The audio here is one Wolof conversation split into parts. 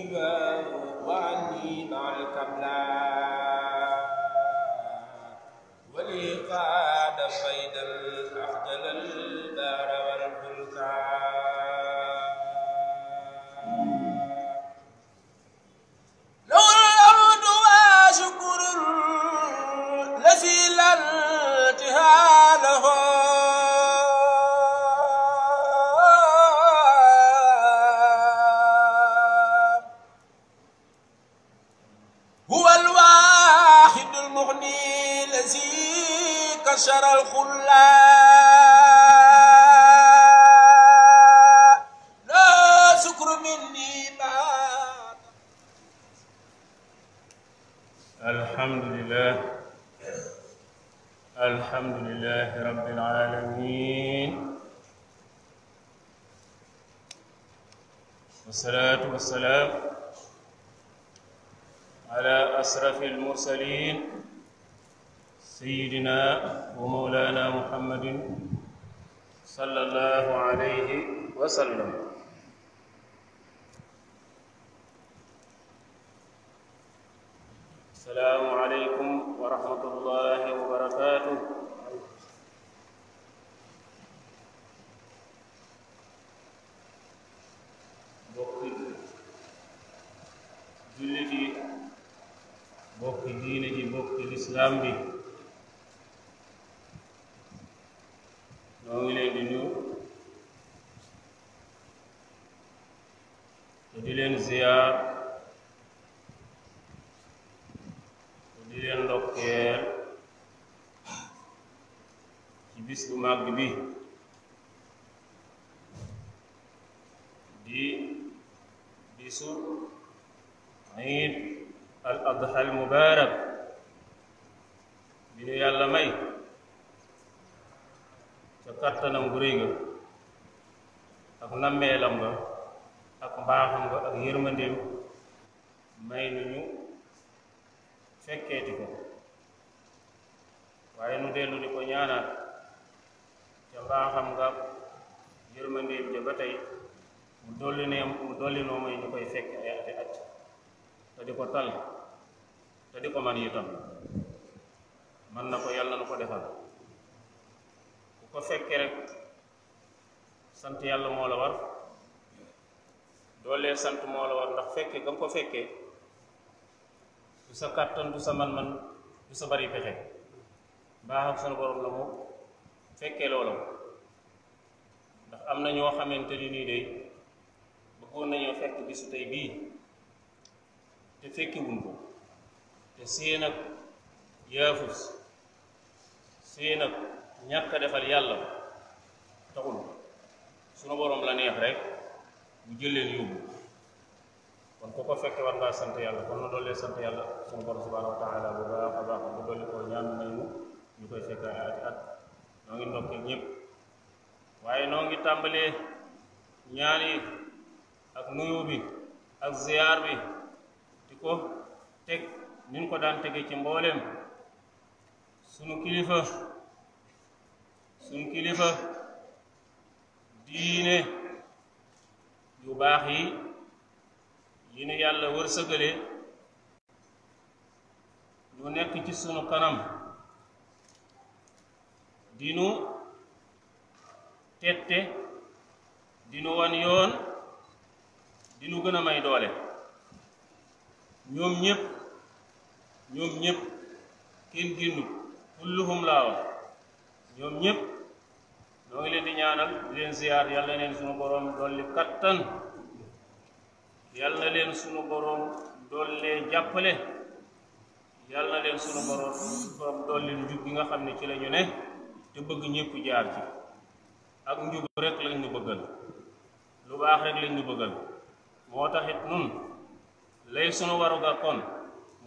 إله معشر الخلاء لا سكر مني ما الحمد لله الحمد لله رب العالمين والصلاة والسلام على أسرف المرسلين ومولانا محمد صلى الله عليه وسلم السلام عليكم ورحمة الله وبركاته bokki jullit yi bokki diine ji bokki lislaam bi di leen ziyaar di leen ndokkeel ci bis bu màgg bi di bisu iid al adha mubaarak bi ñu yàlla may ca kàttanam gu ga ak nammeelam ba ak mbaaxam nga ak yërmandeem may nu ñu fekkeeti ko waaye nu dellu di ko ñaanaat ca mbaaxam nga yërmandeem ja ba tey mu dolli ne mu dolli noo may ñu koy fekk ay ati at te di ko tal te di ko man itam mën na ko yàlla na ko defal ku ko fekke rek sant yàlla moo la war doolee sant moo la war ndax fekke nga ko fekke du sa kàttan du sa man-man du sa bari pexe baaxam sunu borom la mu fekkee loola ndax am na ñoo xamante ni nii day bëggoon nañoo fekk bisu tey bii te fekkiwuñ ko te seen ak yaafus seen ak ñàkk defal yàlla taxul sunu borom la neex rek mu jël leen kon ku ko fekke war ngaa sant yàlla kon nu doolee sant yàlla suñu borom subhanahu wa taala ba baax a baax bu dolli koo ñaan may mu koy fekk ati at noo ngi ndokkeel ñëpp waaye noo ngi tàmbalee ñaan ak nuyu bi ak ziyaar bi di ko teg niñ ko daan tegee ci mbooleem sunu kilifa sunu kilifa diine lu baax yi yi nu yàlla wërsëgale ñu nekk ci sunu kanam dinu tette dinu wan yoon dinu gën a may doole ñoom ñépp ñoom ñépp kenn génnu kulluhum laa wax ñoom ñépp ñoo ngi leen di ñaanal di leen ziyaar yal na leen sunu boroom dolli kattan yal na leen sunu boroom dollee jàppale yal na leen sunu boroom dolli njub gi nga xam ne ci lañu ne te bëgg ñépp jaar ci ak njub rek lañ ñu bëggal lu baax rek lañu ñu bëggal moo taxit nun lay sunu waruga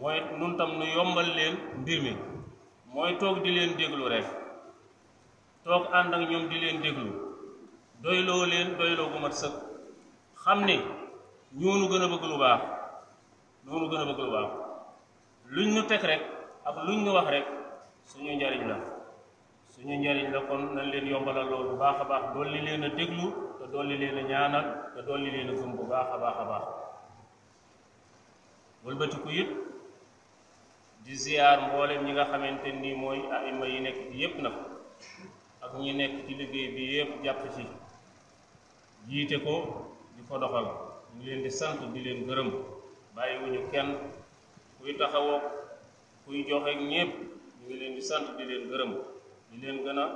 mooy nun tam nu yombal leen mbir mi mooy toog di leen déglu rek toog ànd ak ñoom di leen déglu doyloo leen doyloo gu mat sëkk xam ne ñoonu gën a bëgg lu baax ñoonu gën a bëgg lu baax luñ ñu teg rek ak luñ ñu wax rek suñu njariñ la suñu njariñ la kon nañ leen yombal yombalal loolu bu baax a baax dolli leen a déglu te dolli leen a ñaanal te dolli leen a gëm bu baax a baax a baax walbatiku yit di ziyaar mboolem ñi nga xamante nii mooy aima yi nekk bi na nag ñu nekk ci liggéey bi yépp jàpp ci jiite ko di ko doxal ñu leen di sant di leen gërëm bàyyiwuñu kenn kuy taxawoo kuy joxe ñépp ñu ngi leen di sant di leen gërëm di leen gën a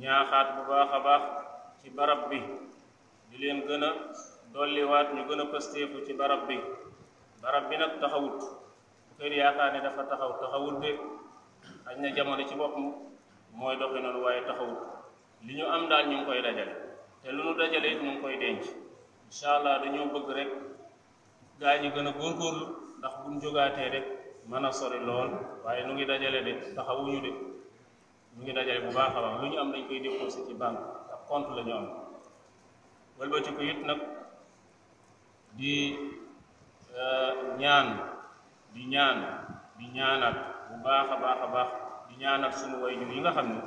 ñaaxaat bu baax a baax ci barab bi di leen gën a dolliwaat ñu gën a pësteeku ci barab bi barab bi nag taxawut bu yaakaar ne dafa taxaw taxawut de xaj na jamono ci boppam mooy doxe noonu waaye taxawut li ñu am daal ñu ngi koy dajale te lu nu dajale it ngi koy denc incha allah dañoo bëgg rek gaa ñi gën a góorgóorlu ndax buñ jógaatee rek mën a sori lool waaye nu ngi dajale de taxawuñu de ñu ngi dajale bu baax a baax lu ñu am dañ koy déposé ci banque ak compte la am wëlbati ko it nag di euh, ñaan di ñaan di bu baax a baax a baax ñaanal suñu waajur yi nga xam ne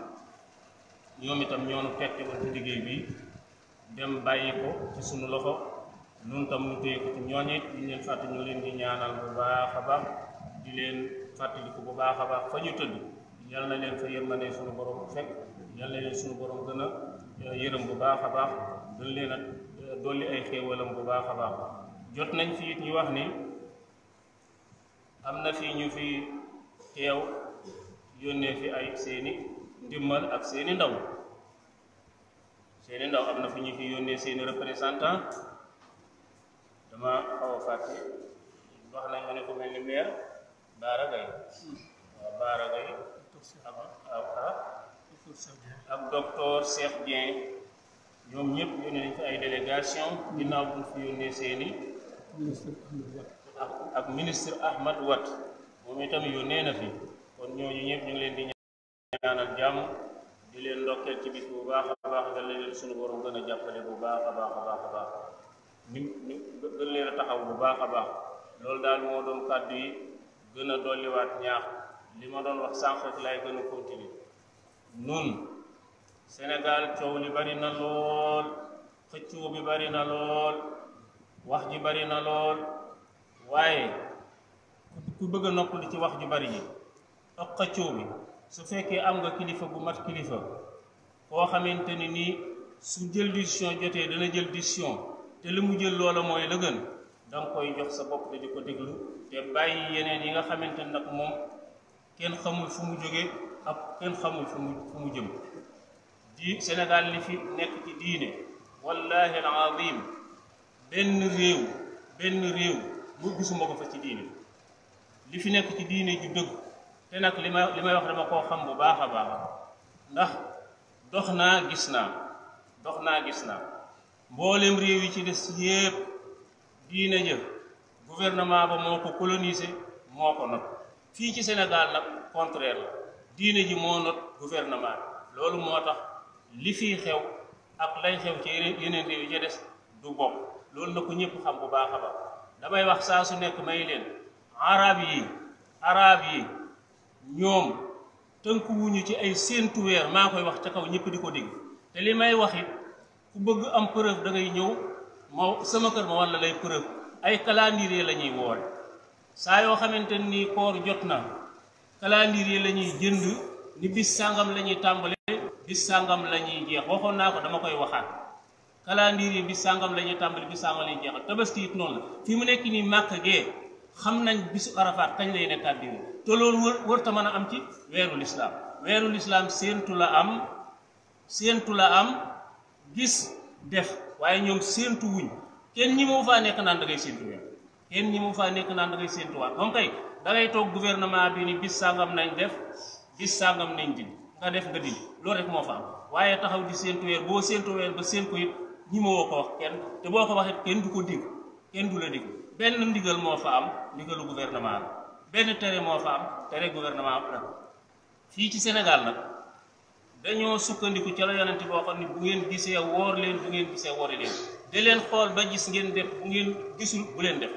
ñoom itam ñoonu fekke woon ci liggéey bi dem bàyyi ko ci suñu loxo noonu tam ñu téye ko ci ñooñu it ñu leen fàtte ñu leen di ñaanal bu baax a baax di leen fàttaliku bu baax a baax fa ñu tëdd yal na leen fa yërmande suñu borom fekk yal na leen suñu borom gën a euh, yërëm bu baax a baax gën leen a euh, dolli ay xéewalam bu baax a baax jot nañ fi it ñu wax ni am na fii ñu fi teew. yónnee fi ay seeni ndimmal ak seeni ndaw seeni ndaw am na fi ñu fi yónnee seeni représentant dama xaw a fàtte wax nañ ma ne ko mel ni maire Baara Gaye waaw ak ak docteur Cheikh ñoom ñëpp yónnee nañ fi ay délégation ginnaaw bu fi yónnee seeni ak ministre Ahmad Wat moom itam yónnee na fi ñooñu ñëpp ñu ngi leen di ñaanal jàmm di leen ndokkeel ci bis bu baax baax suñu borom gën a jàppale bu baax baax baax a baax ñu ñu gën leen a taxaw bu baax a baax loolu daal moo doon kàddu yi gën a dolliwaat ñaax li ma doon wax sànq lay gën a continuer nun Sénégal coow li bari na lool xëccoo bi bari na lool wax ji bari na lool waaye ku bëgg a noppali ci wax ju bari ji ak xëccoo mi su fekkee am nga kilifa bu mat kilifa koo xamante ni nii su jël décision jotee dana jël décision te li mu jël loola mooy la gën da koy jox sa bopp te ko déglu te bàyyi yeneen yi nga xamante ne nag moom kenn xamul fu mu jóge ak kenn xamul fu mu fu mu jëm di Sénégal li fi nekk ci diine wallahi alazim benn réew benn réew mu gisuma ko fa ci diine li fi nekk ci diine ju dëgg te nag li ma li may wax dama koo xam bu baax a baax ndax dox naa gis naa dox naa gis naa mboolem réew yi ci des yépp diine jë gouvernement ba moo ko colonisé moo ko not fii ci senegal nag contraire la diine ji moo not gouvernement loolu moo tax li fii xew ak lay xew ci yeneen réew yi ci des du bokk loolu na ko ñëpp xam bu baax damay wax saa su nekk may leen araab yi arab yi ñoom tënkuwuñu ci ay séentu weer maa koy wax ca kaw ñëpp di ko dégg te li may wax it ku bëgg am preuve da ngay ñëw ma sama kër ma walla lay preuve ay calendrier la ñuy woore saa yoo xamante ni koor jot na calendrier yi lañuy jënd ni bis sàngam la ñuy tàmbale bis sàngam la ñuy jeex waxoon naa ko dama koy waxaat calendrier bis sàngam la ñuy tàmbale bis sàngam la ñuy jeexal tabaski noonu la fi mu nekk nii màkk gee xam nañ bisu arafaat kañ lay nekkaat diwén te loolu wër wërta a am ci weeru lislaam weeru lislaam séentu la am séentu la am gis def waaye ñoom séentu wuñ kenn ñi mu faa nekk naan da ngay séentu weer kenn ñi mu faa nekk naan da ngay séentu waat moom kay da ngay toog gouvernement bi ni bis sàngam nañ def bis sàngam nañ dindi nga def nga dindi loolu rek moo fa am waaye taxaw di séentu weer boo séentu weer ba séen ko it ñi ma ko wax kenn te boo ko waxee kenn du ko dig kenn du la dig benn ndigal moo fa am ndigalu gouvernement benn tere moo fa am tere gouvernement am la fii ci senegal nag dañoo sukkandiku ca la yonente boo xam ne bu ngeen gisee woor leen bu ngeen gisee woori leen da leen xool ba gis ngeen def bu ngeen gisul bu leen def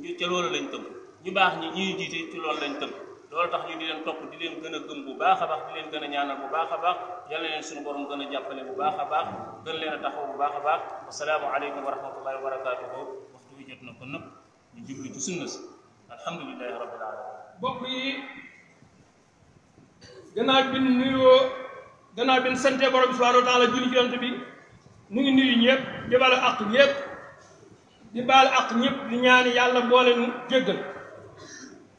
ñu loolu lañ tënk ñi baax ñi ñuy jiite ci loolu lañ tënk loolu tax ñu di leen topp di leen gën a gëm bu baax a baax di leen gën a ñaanal bu baax a baax yal leen leen suñu borom gën a jàppale bu baax a baax gën leen a taxaw bu baax a baax wasalaamu aleykum wa rahmatullahi wa barakaatuhu waxtu wi na kon nag si alhamdulilahi rabbil alamin bokk yi gannaaw a nu nuyoo gannaaw bi nu sante borom bi subhanahu wa taala julli ci yonent bi nu ngi nuyu ñëpp di baalu àq ñëpp di baalu àq ñëpp di ñaani yàlla boole nu jéggal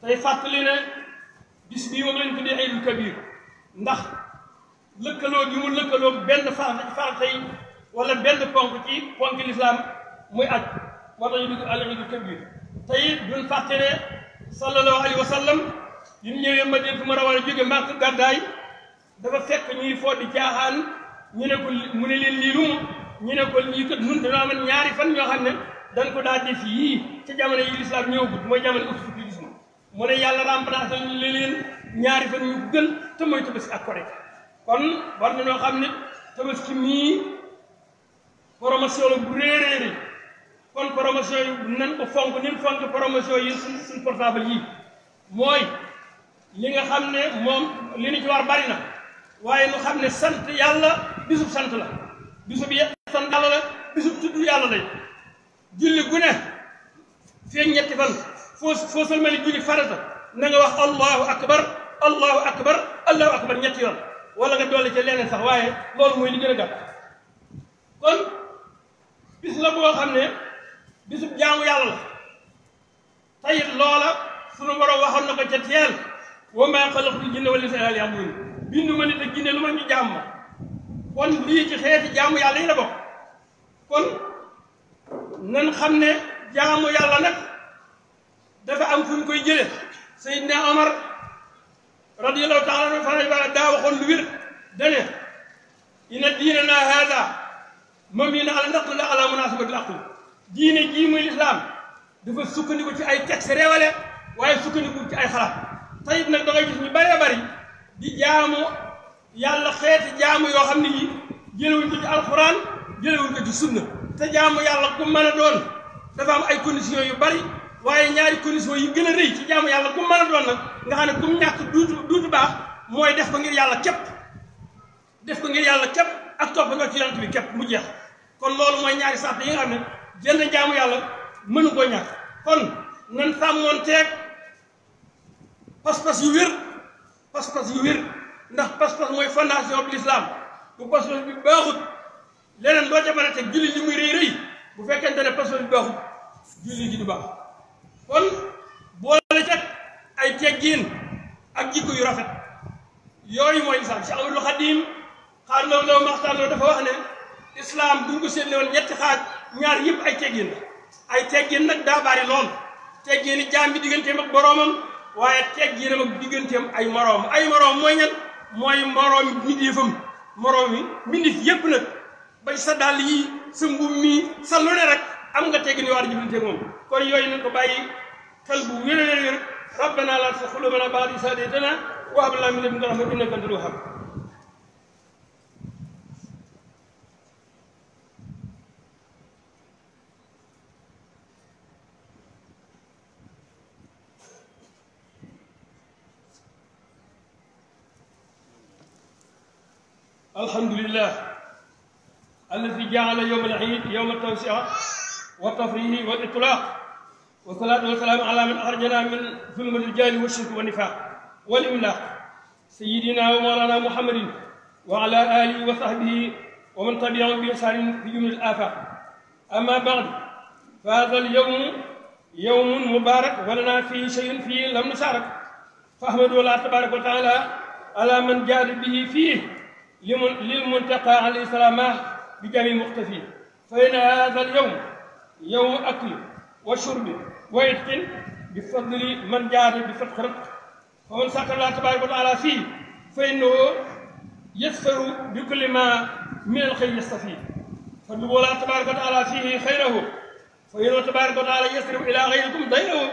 tey fàttali ne bis bii moom lañ tuddee Aydul Kabiir ndax lëkkaloo gi mu lëkkaloo benn farata yi wala benn ponk ci ponk lislaam muy aj moo tax ñu Kabiir te it duñ fàtte ne sallallahu alayhi wa sallam yi mu ñëwee Madinatu Munawwara jóge màkk gàddaay dafa fekk ñuy foo di caaxaan ñu ne ko mu ne leen lii lum ñu ne ko lii kat nun dina amoon ñaari fan ñoo xam ne dañ ko daa def yii ca jamono yi lislaam ñëwgut mooy jamono ut fukki gis mu ne yàlla remplacé li leen ñaari fan ñu gën te mooy tabaski ak korite kon war na ñoo xam ne si mii promotion la bu réeréeri kon promotion yi nan ko fonk nin fonk promotion yi suñ suñ portable yi mooy li nga xam ne moom li ñu ci war bari na waaye nu xam ne sant yàlla bisub sant la bisub sant yàlla la bisub tudd yàlla lay julli gu ne ñetti fan foo foo salmali julli farata na nga wax allahu akbar allahu akbar ñetti yoon wala nga dolli ca leneen sax waaye loolu mooy li gën a gàtt kon bis la boo xam ne bisub jaamu yàlla la tayit loola sunu borom waxoon na ko ca teel wa maa xalaqtul jinna wal insa illaa liya'buduun bindu ma nit ak jinne lu ma ñu jaam ma kon xeeti jaamu yàlla yi la bokk kon nan xam ne jaamu yàlla nag dafa am fu koy jële Seydina Omar radiyallahu taala na fana daa waxoon lu wér dane inna diinana haada mabniyyun ala naqli laa ala munaasabati l-aqli diine jii muy lislaam dafa sukkandiku ci ay texte réewale waaye sukkandiku ci ay xalaat tayit nag da ngay gis ñu bëree bëri di jaamu yàlla xeeti jaamu yoo xam ne yi jëlewuñ ko ci alxuraan jëlewuñ ko ci sunna te jaamu yàlla ku mën a doon dafa am ay conditions yu bari waaye ñaari conditions yi gën a rëy ci jaamu yàlla ku mën a doon nag nga xam ne ku ñàkk duutu duutu baax mooy def ko ngir yàlla képp def ko ngir yàlla képp ak topp nga ci yonent bi képp mu jeex kon loolu mooy ñaari sàrt yi nga xam jënd jaamu yàlla mënu ko ñàkk kon nan sàmmoon teeg pas-pas yu wér pas-pas yu wér ndax pas-pas mooy fondation bi l'islam bu pas-pas bi baaxut leneen doo ca mën a teg julli li muy rëy rëy bu fekkente ne pas-pas bi baaxut julli gi du baax kon boole teg ay teggiin ak jikko yu rafet yooyu mooy islam si Ahmadul Xadim xaar loolu la Maxtaan dafa wax ne islam du ko séddale woon ñetti xaaj. ñaar yëpp ay teggin ay teggin nag daa bari lool teggiini jaam bi digganteem ak boroomam waaye tegginam ak digganteem ay moroom ay moroom mooy ñan mooy moroom mbindéefam moroom yi yëpp nag bay sa dàll yi sa mbubb mi sa lu ne am nga teggin yoo war a jëflanteeg moom kon yooyu nañ ko bàyyi xel bu wér a wér rabbana laa sa quluubana ba'da idh hadaytana wa hab lana min ladunka rahmatan innaka antal wahhab alhamdulillah alladi jaala yowma alxiid yowma tawsia wa tafrihi wal itlaaq wa salaatu wa salaamu ala man axrajana min zulmati ljaali wa shirki wa nifaaq wal imlaaq sayidina wa mawlana muhammadin wa ala alihi wa sahbihi wa man tabiahum bi ihsaanin fi jumlati l-aafaaq amma baad fa haada al-yawmu yawmun mubaarak wa lanaa fiihi shay'un fiihi lam nusharik fa ahmadu llaaha tabaaraka wa taala ala man jaada bihi fiihi للمنتقى عليه السلام بجميع مختفيه فإن هذا اليوم يوم أكل وشرب وعتق بفضل من جاد بفتح رزق فمن سكر الله تبارك وتعالى فيه فإنه يسفر بكل ما من الخير يستفيد فاطلبوا الله تبارك وتعالى فيه خيره فإنه تبارك وتعالى يسرب إلى غيركم ضيره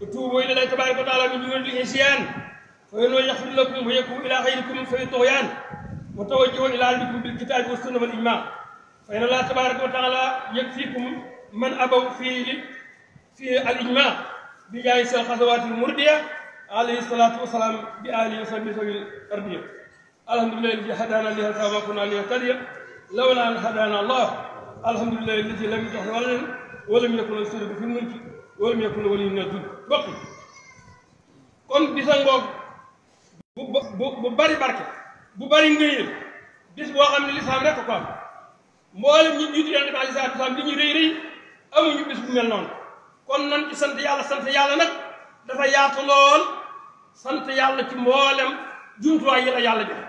وتوبوا إلى الله تبارك وتعالى من دون العصيان فإنه يغفر لكم ويكون إلى غيركم في الطغيان وتوجهوا إلى علمكم بالكتاب والسنة والإجماع فإن الله تبارك وتعالى يكفيكم من أبوا في في الإجماع بجائز الخطوات المردية عليه الصلاة والسلام بآله وصحبه ذوي الأرضية الحمد لله الذي هدانا لهذا وما كنا لنهتدي لولا أن هدانا الله الحمد لله الذي لم يتخذ ولدا ولم يكن يشرك في الملك ولم يكن ولي من الذل bokk kon bisa ngoog bu bu bu bari barke bu bari ngëyeel bis boo xam ne lislaam rek ko am mboolem ñi ñu tudde dafa lislaam lislaam li ñu rëy rëy amuñu bis bu mel noonu kon nan ci sant yàlla sant yàlla nag dafa yaatu lool sant yàlla ci mboolem jumtuwaay yi yàlla jox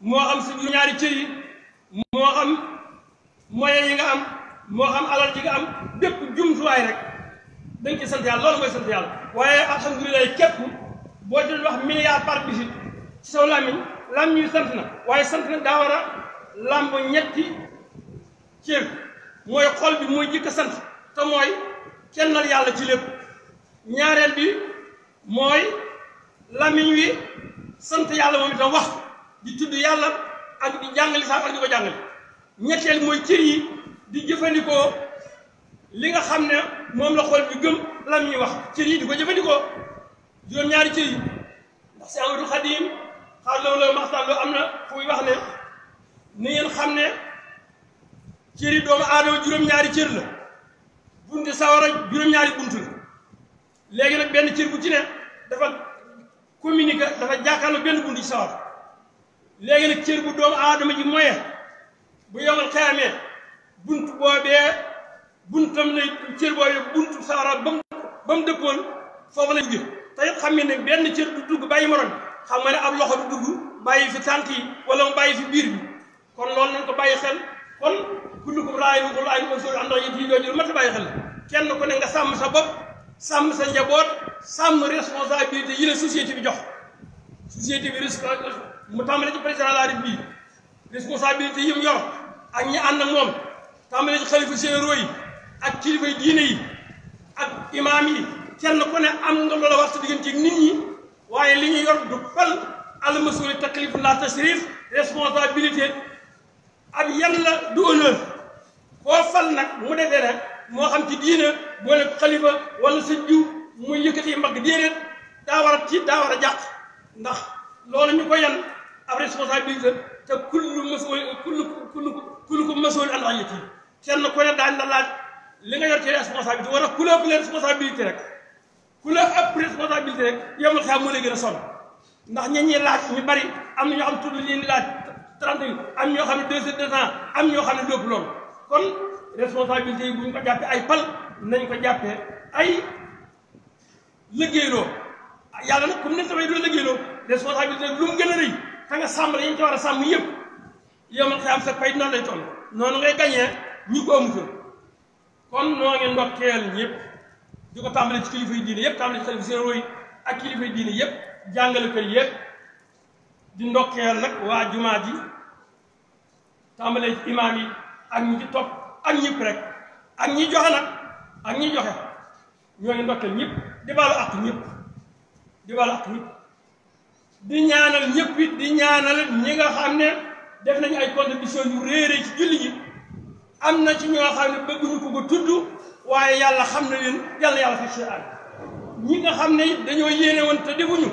moo xam suñu ñaari cër yi moo xam moyen yi nga am moo xam alal yi nga am bépp jumtuwaay rek dañ ci sant yàlla loolu mooy sant yàlla waaye alhamdulilah képp boo jël wax milliard par bisit ci saw làmmiñ làmmiñ yu sant na waaye sant nag daa làmb ñetti cër mooy xol bi mooy jëkk sant te mooy kennal yàlla ci lépp ñaareel bi mooy làmmiñ wi sant yàlla moom itam wax di tudd yàlla ak di jàngali sax ak di ko jàngale ñetteel mooy cër di jëfandikoo li nga xam ne moom la xol bi gëm làmmiñ wax cër yi di ko jëfandikoo juróom-ñaari cër yi ndax si xaar loolu la maxtaan loo am na fuy wax ne ni ngeen xam ne cër yi doomu aadama juróom-ñaari cër la bunte sawara juróom-ñaari bunt la léegi nag benn cër bu ci ne dafa communiqué dafa jàkkaarloo benn bunt ci sawara léegi nag cër bu doomu aadama ji moye bu yomal xayamee bunt boobee buntam lay cër boobee buntu sawara ba mu ba mu foofu la jóge te it xam ne benn cër du dugg bàyyi morom xam nga ne ab loxo du dugg bàyyi fi tànk yi wala mu bàyyi fi biir bi kon loolu nañ ko bàyyi xel kon kullukum raa'in wa kullukum mas'uulun 'an ra'iyyatihi mat a bàyyi xel kenn ku ne nga sàmm sa bopp sàmm sa njaboot sàmm responsabilité yi la société bi jox société bi risque mu tàmbale ci président de la République responsabilité yi mu yor ak ñi ànd ak moom tàmbale ci xalifa généraux yi ak kilifa diine yi ak imaam yi kenn ku ne am nga loola war sa diggante ak nit ñi. waaye li ñu yor du fal almasuli taklif la tashrif responsabilité ak yan la du honneur koo fal nag mu defee rek moo xam ci diina boole xalifa wala sa jiw muy yëkkati mbagg déedéet daa war a tiit daa war a jàq ndax loolu ñu ko yan ab responsabilité te kullu masul kullu kullu kullu ko masul kenn ku ne daañu la laaj li nga yor ci responsabilité wala ku la ëpp rek ku la ëpp responsabilité rek yemul xel moo lay gën a ndax ñi ñuy laaj ñu bari am na ñoo xam tur li ñuy laaj trente am ñoo xam ne deux cent deux cent am ñoo xam ne lépp loolu kon responsabilité yi bu ñu ko jàppee ay pal nañ ko jàppee ay liggéeyloo yàlla nag comme ni nga xamee doo liggéeyloo responsabilité lu mu gën a rëy te nga sàmm la ñu ci war a sàmm yëpp yemul xel am sa pay noonu lay toll noonu ngay gañee ñu ko amutoon kon di ko tàmbale ci kilifa yi diine yëpp tàmbale ci xalifa généraux ak kilifa yi diine yëpp jàngalekat yëpp di ndokkeel nag waa jumaa ji tàmbale ci imaam yi ak ñi ci topp ak ñëpp rek ak ñi joxe nag ak ñi joxe ñoo ngi ndokkeel ñëpp di baalu àq ñëpp di ñaanal ñi nga xam ne def nañu ay contribution yu réeré ci julli ji am na ci ñoo xam ne bëgguñu ko ko tudd waaye yàlla xam na leen yàlla yàlla fi seen ñi nga xam ne dañoo yéene woon te defuñu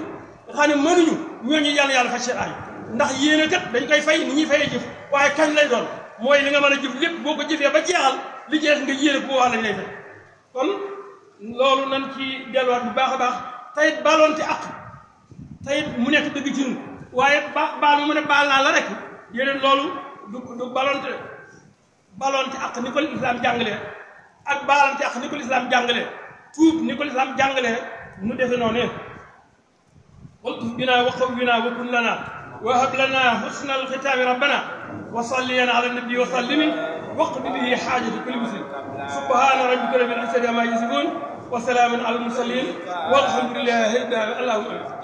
nga xam ne mënuñu ñooñu yàlla yàlla faj seen aay ndax yéene kat dañ koy fay mu ñuy fayee jëf waaye kañ lay doon mooy li nga mën a jëf lépp boo ko jëfee ba jeexal li jeex nga yéene ko wax lañ lay fay kon loolu nan ci delluwaat bu baax a baax tayit baaloonte ak tayit mu nekk dëgg ci ñun waaye ba baal mu ne baal naa la rek yéneen loolu du du balonte balonte ak ni ko lislaam jàngalee ak baalante ak ni ko lislaam jàngalee tuub ni ko lislaam jàngalee nu defe noonu waltuf binaa wa qawwinaa wa kun lanaa wa hab lanaa husnal xitaami rabbana wa salliyan ala nabi wa sallimi waqdi bihi xaajati kulli muslim subhaana rabbika rabbil izzati ammaa yasifuun wa salaamun ala al mursaliin walhamdulillahi rabbil aalamiin